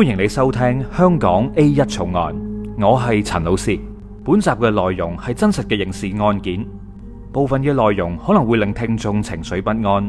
歡迎你收聽香港 A 一重案，我係陳老師。本集嘅內容係真實嘅刑事案件，部分嘅內容可能會令聽眾情緒不安，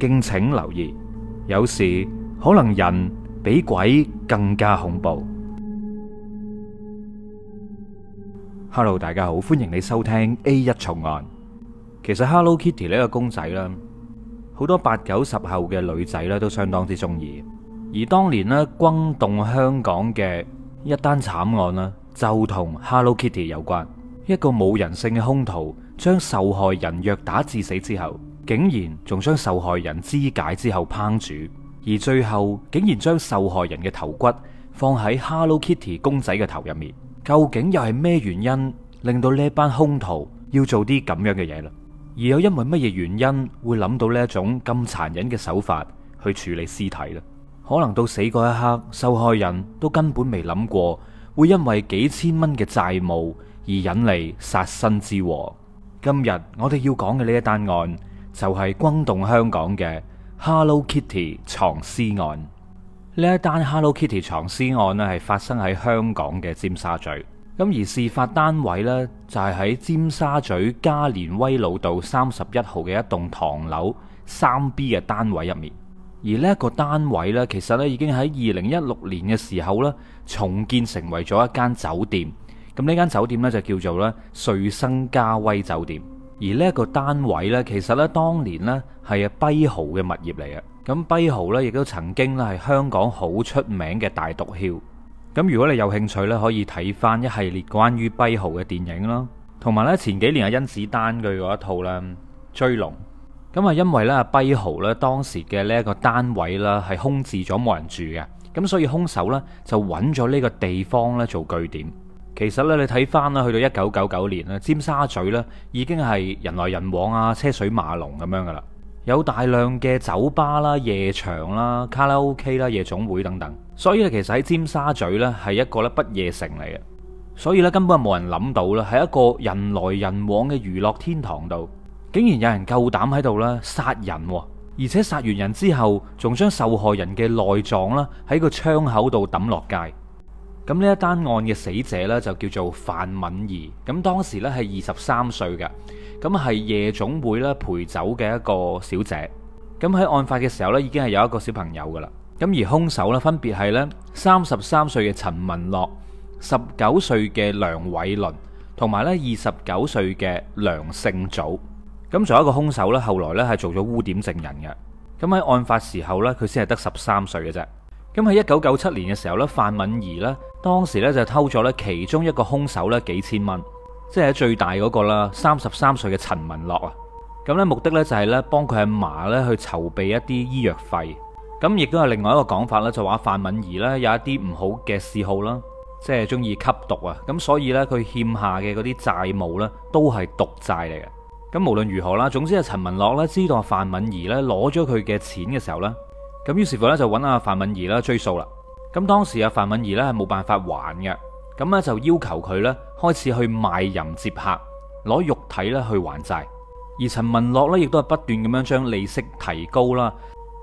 敬請留意。有時可能人比鬼更加恐怖。Hello，大家好，歡迎你收聽 A 一重案。其實 Hello Kitty 呢個公仔啦，好多八九十後嘅女仔咧都相當之中意。而當年咧，轟動香港嘅一單慘案呢就同 Hello Kitty 有關。一個冇人性嘅兇徒將受害人虐打致死之後，竟然仲將受害人肢解之後烹煮，而最後竟然將受害人嘅頭骨放喺 Hello Kitty 公仔嘅頭入面。究竟又係咩原因令到呢班兇徒要做啲咁樣嘅嘢啦？而又因為乜嘢原因會諗到呢一種咁殘忍嘅手法去處理屍體呢？可能到死嗰一刻，受害人都根本未諗過會因為幾千蚊嘅債務而引嚟殺身之禍。今日我哋要講嘅呢一單案就係轟動香港嘅 Hello Kitty 藏屍案。呢一單 Hello Kitty 藏屍案呢，係發生喺香港嘅尖沙咀。咁而事發單位呢，就係喺尖沙咀加連威老道三十一號嘅一棟唐樓三 B 嘅單位入面。而呢一個單位呢，其實咧已經喺二零一六年嘅時候咧，重建成為咗一間酒店。咁呢間酒店呢，就叫做咧瑞生嘉威酒店。而呢一個單位呢，其實咧當年咧係啊跛豪嘅物業嚟嘅。咁跛豪呢，亦都曾經咧係香港好出名嘅大毒梟。咁如果你有興趣呢，可以睇翻一系列關於跛豪嘅電影啦，同埋呢，前幾年啊甄子丹佢嗰一套咧《追龍》。咁啊，因為咧，跛豪咧，當時嘅呢一個單位啦，係空置咗冇人住嘅，咁所以兇手咧就揾咗呢個地方咧做據點。其實咧，你睇翻啦，去到一九九九年咧，尖沙咀咧已經係人來人往啊，車水馬龍咁樣噶啦，有大量嘅酒吧啦、夜場啦、卡拉 OK 啦、夜總會等等，所以咧，其實喺尖沙咀咧係一個咧不夜城嚟嘅，所以咧根本係冇人諗到啦，係一個人來人往嘅娛樂天堂度。竟然有人夠膽喺度啦殺人，而且殺完人之後，仲將受害人嘅內臟啦喺個窗口度抌落街。咁呢一單案嘅死者呢，就叫做范敏儀，咁當時呢，係二十三歲嘅，咁係夜總會啦陪酒嘅一個小姐。咁喺案發嘅時候呢，已經係有一個小朋友噶啦。咁而兇手呢，分別係呢：三十三歲嘅陳文樂、十九歲嘅梁偉倫同埋呢二十九歲嘅梁勝祖。咁仲有一個兇手呢，後來呢係做咗污點證人嘅。咁喺案發時候呢，佢先係得十三歲嘅啫。咁喺一九九七年嘅時候呢，范敏儀呢當時呢就偷咗呢其中一個兇手呢幾千蚊，即係最大嗰個啦，三十三歲嘅陳文樂啊。咁呢目的呢就係呢幫佢阿嫲呢去籌備一啲醫藥費。咁亦都係另外一個講法呢，就話范敏儀呢有一啲唔好嘅嗜好啦，即係中意吸毒啊。咁所以呢，佢欠下嘅嗰啲債務呢都係毒債嚟嘅。咁無論如何啦，總之阿陳文樂咧知道阿范敏儀咧攞咗佢嘅錢嘅時候呢，咁於是乎呢就揾阿范敏儀啦追訴啦。咁當時阿范敏儀呢係冇辦法還嘅，咁呢就要求佢呢開始去賣淫接客，攞肉體咧去還債。而陳文樂呢亦都係不斷咁樣將利息提高啦，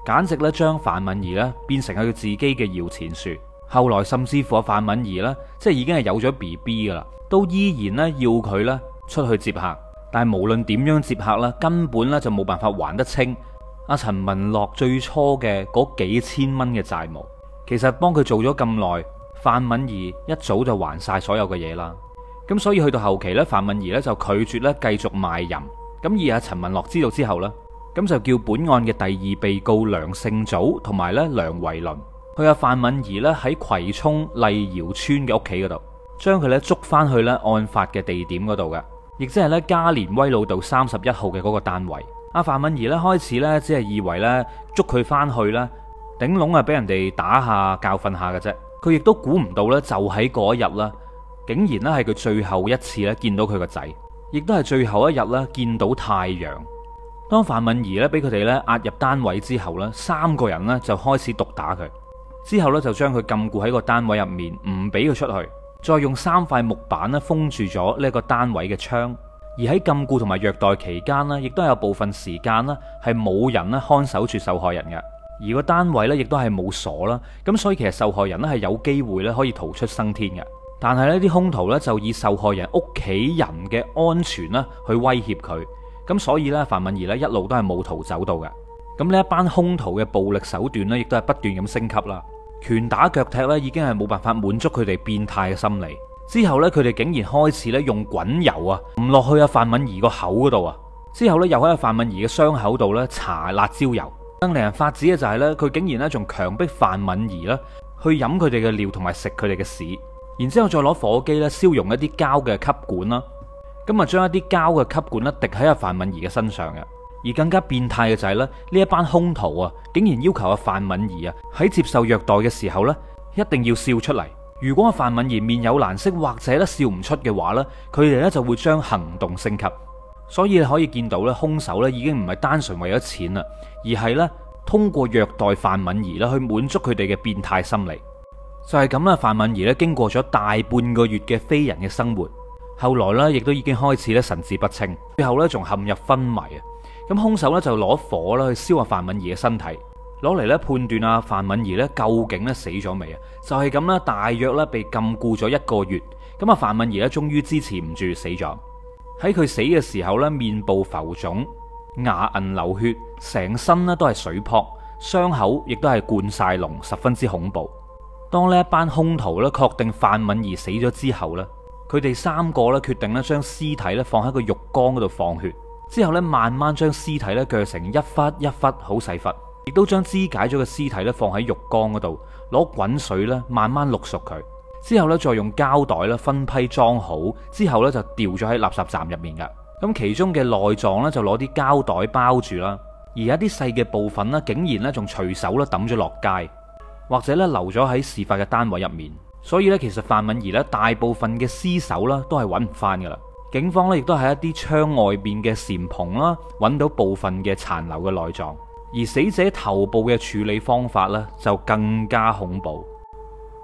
簡直咧將范敏儀呢變成佢自己嘅搖錢樹。後來甚至乎阿范敏儀呢，即係已經係有咗 BB 噶啦，都依然呢要佢呢出去接客。但係無論點樣接客咧，根本咧就冇辦法還得清阿陳文樂最初嘅嗰幾千蚊嘅債務。其實幫佢做咗咁耐，范敏儀一早就還晒所有嘅嘢啦。咁所以去到後期咧，范敏儀咧就拒絕咧繼續賣淫。咁而阿陳文樂知道之後咧，咁就叫本案嘅第二被告梁勝祖同埋咧梁維倫去阿范敏儀咧喺葵涌麗瑤村嘅屋企嗰度，將佢咧捉翻去咧案發嘅地點嗰度嘅。亦即係咧，加連威老道三十一號嘅嗰個單位，阿范敏儀咧開始咧只係以為咧捉佢翻去啦，頂籠係俾人哋打下教訓下嘅啫。佢亦都估唔到咧，就喺嗰一日啦，竟然咧係佢最後一次咧見到佢個仔，亦都係最後一日啦見到太陽。當范敏儀咧俾佢哋咧押入單位之後咧，三個人咧就開始毒打佢，之後咧就將佢禁錮喺個單位入面，唔俾佢出去。再用三塊木板咧封住咗呢一個單位嘅窗，而喺禁錮同埋虐待期間呢亦都有部分時間咧係冇人咧看守住受害人嘅，而個單位呢，亦都係冇鎖啦，咁所以其實受害人咧係有機會咧可以逃出生天嘅，但係呢啲兇徒呢，就以受害人屋企人嘅安全啦去威脅佢，咁所以呢，樊敏儀呢，一路都係冇逃走到嘅，咁呢一班兇徒嘅暴力手段呢，亦都係不斷咁升級啦。拳打腳踢咧，已經係冇辦法滿足佢哋變態嘅心理。之後咧，佢哋竟然開始咧用滾油啊，唔落去阿范敏儀個口嗰度啊。之後咧，又喺阿范敏儀嘅傷口度咧搽辣椒油。更令人發指嘅就係咧，佢竟然咧仲強迫范敏儀啦去飲佢哋嘅尿同埋食佢哋嘅屎。然之後再攞火機咧燒融一啲膠嘅吸管啦，咁啊將一啲膠嘅吸管咧滴喺阿范敏儀嘅身上嘅。而更加變態嘅就係、是、咧，呢一班兇徒啊，竟然要求阿范敏儀啊喺接受虐待嘅時候呢，一定要笑出嚟。如果阿范敏儀面有難色或者咧笑唔出嘅話呢，佢哋咧就會將行動升級。所以你可以見到咧，兇手咧已經唔係單純為咗錢啦，而係咧通過虐待范敏儀啦去滿足佢哋嘅變態心理。就係咁啦，范敏儀呢經過咗大半個月嘅非人嘅生活，後來呢亦都已經開始咧神志不清，最後咧仲陷入昏迷啊！咁兇手咧就攞火啦去燒阿范敏儀嘅身體，攞嚟咧判斷阿范敏儀咧究竟咧死咗未啊？就係咁啦，大約咧被禁錮咗一個月，咁阿范敏儀咧終於支持唔住死咗。喺佢死嘅時候咧，面部浮腫、牙齦流血，成身咧都係水泡，傷口亦都係灌晒膿，十分之恐怖。當呢一班兇徒咧確定范敏儀死咗之後咧，佢哋三個咧決定咧將屍體咧放喺個浴缸嗰度放血。之後咧，慢慢將屍體咧鋸成一忽一忽好細忽，亦都將肢解咗嘅屍體咧放喺浴缸嗰度，攞滾水咧慢慢淥熟佢。之後咧再用膠袋咧分批裝好，之後咧就掉咗喺垃圾站入面噶。咁其中嘅內臟咧就攞啲膠袋包住啦，而一啲細嘅部分咧竟然咧仲隨手咧抌咗落街，或者咧留咗喺事發嘅單位入面。所以咧其實范敏儀咧大部分嘅屍首咧都係揾唔翻噶啦。警方咧亦都喺一啲窗外邊嘅檐篷啦，揾到部分嘅殘留嘅內臟。而死者頭部嘅處理方法咧就更加恐怖。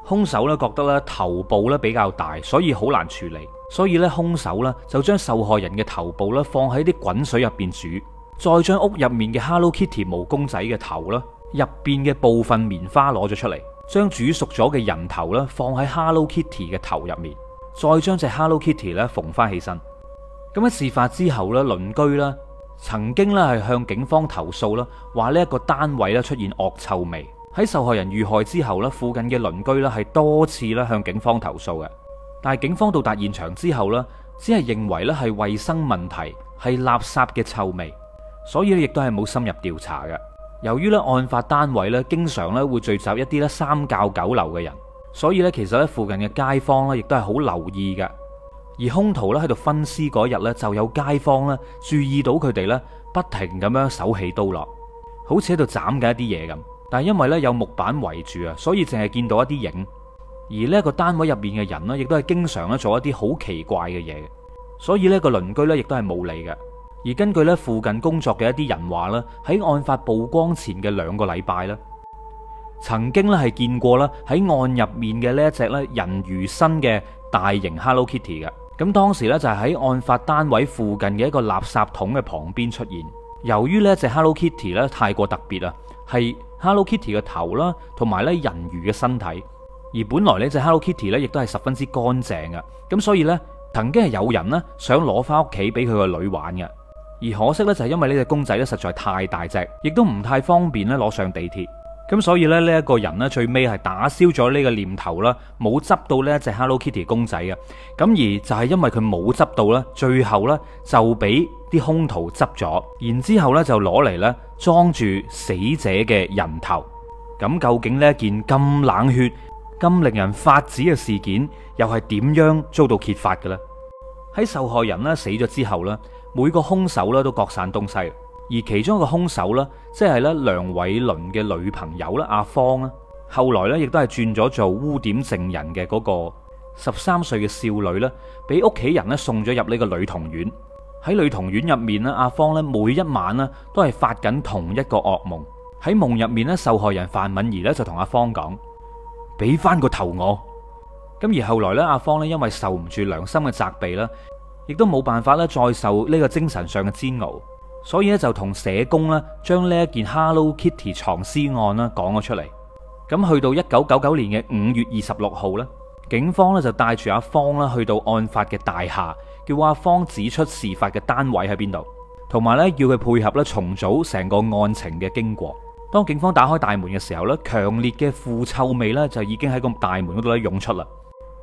兇手咧覺得咧頭部咧比較大，所以好難處理，所以咧兇手咧就將受害人嘅頭部咧放喺啲滾水入邊煮，再將屋入面嘅 Hello Kitty 毛公仔嘅頭啦，入邊嘅部分棉花攞咗出嚟，將煮熟咗嘅人頭咧放喺 Hello Kitty 嘅頭入面。再將隻 Hello Kitty 咧縫翻起身。咁喺事發之後咧，鄰居咧曾經咧係向警方投訴啦，話呢一個單位咧出現惡臭味。喺受害人遇害之後咧，附近嘅鄰居咧係多次咧向警方投訴嘅。但係警方到達現場之後咧，只係認為咧係衛生問題，係垃圾嘅臭味，所以咧亦都係冇深入調查嘅。由於咧案發單位咧經常咧會聚集一啲咧三教九流嘅人。所以咧，其實咧，附近嘅街坊咧，亦都係好留意嘅。而兇徒咧喺度分屍嗰日咧，就有街坊咧注意到佢哋咧不停咁樣手起刀落，好似喺度斬緊一啲嘢咁。但係因為咧有木板圍住啊，所以淨係見到一啲影。而呢一個單位入面嘅人呢，亦都係經常咧做一啲好奇怪嘅嘢，所以呢個鄰居咧亦都係冇理嘅。而根據咧附近工作嘅一啲人話咧，喺案發曝光前嘅兩個禮拜咧。曾經咧係見過啦，喺案入面嘅呢一隻咧人魚身嘅大型 Hello Kitty 嘅，咁當時咧就係喺案發單位附近嘅一個垃圾桶嘅旁邊出現。由於呢一隻 Hello Kitty 咧太過特別啊，係 Hello Kitty 嘅頭啦，同埋咧人魚嘅身體。而本來呢隻 Hello Kitty 咧亦都係十分之乾淨嘅。咁所以咧曾經係有人咧想攞返屋企俾佢個女玩嘅。而可惜咧就係因為呢隻公仔咧實在太大隻，亦都唔太方便咧攞上地鐵。咁所以咧，呢一個人咧最尾係打消咗呢個念頭啦，冇執到呢一隻 Hello Kitty 公仔嘅。咁而就係因為佢冇執到呢，最後呢就俾啲兇徒執咗，然之後呢就攞嚟呢裝住死者嘅人頭。咁究竟呢一件咁冷血、咁令人發指嘅事件，又係點樣遭到揭發嘅呢？喺受害人咧死咗之後呢，每個兇手咧都各散東西。而其中一個兇手咧，即係咧梁偉倫嘅女朋友啦，阿芳啦，後來咧亦都係轉咗做污點證人嘅嗰個十三歲嘅少女啦，俾屋企人咧送咗入呢個女童院。喺女童院入面咧，阿芳咧每一晚呢，都係發緊同一個噩夢。喺夢入面咧，受害人范敏儀咧就同阿芳講俾翻個頭我。咁而後來咧，阿芳咧因為受唔住良心嘅責備啦，亦都冇辦法咧再受呢個精神上嘅煎熬。所以咧就同社工咧將呢一件 Hello Kitty 藏屍案呢講咗出嚟，咁去到一九九九年嘅五月二十六號咧，警方咧就帶住阿方啦去到案發嘅大廈，叫阿方指出事發嘅單位喺邊度，同埋咧要佢配合咧重組成個案情嘅經過。當警方打開大門嘅時候咧，強烈嘅腐臭味咧就已經喺個大門嗰度咧湧出啦。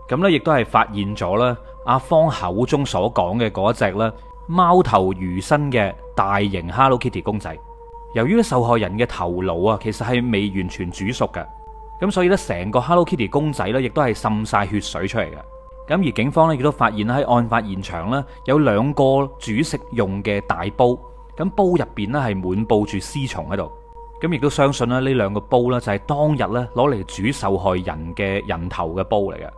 咁咧亦都係發現咗咧阿方口中所講嘅嗰隻咧。貓頭魚身嘅大型 Hello Kitty 公仔，由於受害人嘅頭顱啊，其實係未完全煮熟嘅，咁所以呢成個 Hello Kitty 公仔呢亦都係滲晒血水出嚟嘅。咁而警方呢亦都發現喺案發現場呢，有兩個煮食用嘅大煲，咁煲入邊呢係滿布住屍蟲喺度，咁亦都相信呢呢兩個煲呢，就係當日呢攞嚟煮受害人嘅人頭嘅煲嚟嘅。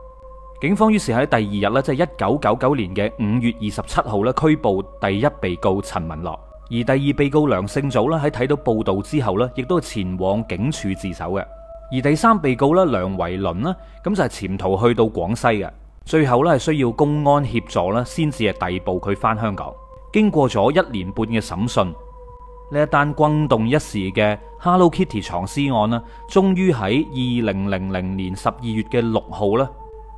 警方於是喺第二、就是、日咧，即係一九九九年嘅五月二十七號咧，拘捕第一被告陳文樂。而第二被告梁勝祖咧，喺睇到報道之後咧，亦都前往警署自首嘅。而第三被告咧，梁維倫咧，咁就係、是、潛逃去到廣西嘅。最後咧，係需要公安協助咧，先至係逮捕佢返香港。經過咗一年半嘅審訊，呢一單轟動一時嘅 Hello Kitty 藏屍案啦，終於喺二零零零年十二月嘅六號咧，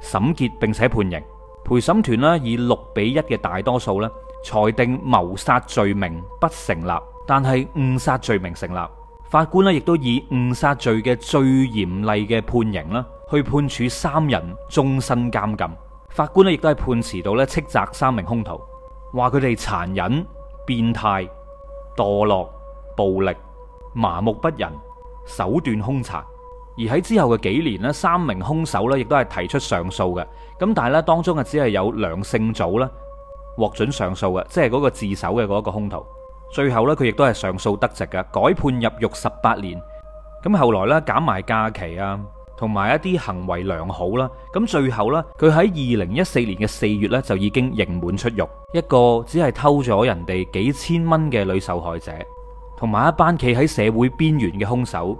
審結並且判刑，陪審團咧，以六比一嘅大多數咧裁定謀殺罪名不成立，但係誤殺罪名成立。法官咧亦都以誤殺罪嘅最嚴厲嘅判刑啦，去判處三人終身監禁。法官咧亦都係判詞到咧斥責三名兇徒，話佢哋殘忍、變態、墮落、暴力、麻木不仁、手段兇殘。而喺之後嘅幾年咧，三名兇手咧亦都係提出上訴嘅，咁但係咧當中啊只係有梁勝祖啦獲准上訴嘅，即係嗰個自首嘅嗰一個兇徒，最後呢，佢亦都係上訴得直嘅，改判入獄十八年，咁後來呢，減埋假期啊，同埋一啲行為良好啦，咁最後呢，佢喺二零一四年嘅四月呢，就已經刑滿出獄，一個只係偷咗人哋幾千蚊嘅女受害者，同埋一班企喺社會邊緣嘅兇手。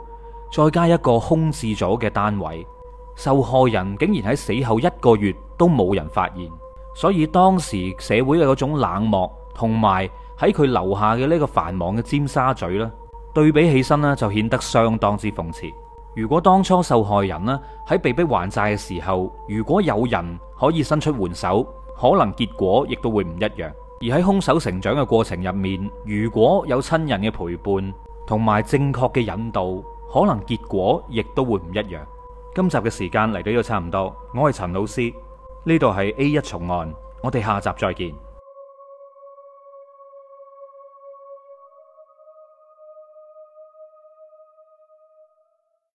再加一個空置咗嘅單位，受害人竟然喺死後一個月都冇人發現，所以當時社會嘅嗰種冷漠，同埋喺佢樓下嘅呢個繁忙嘅尖沙咀啦，對比起身呢就顯得相當之諷刺。如果當初受害人呢喺被逼還債嘅時候，如果有人可以伸出援手，可能結果亦都會唔一樣。而喺兇手成長嘅過程入面，如果有親人嘅陪伴同埋正確嘅引導。可能結果亦都會唔一樣。今集嘅時間嚟到呢度差唔多，我係陳老師，呢度係 A1 重案，我哋下集再見。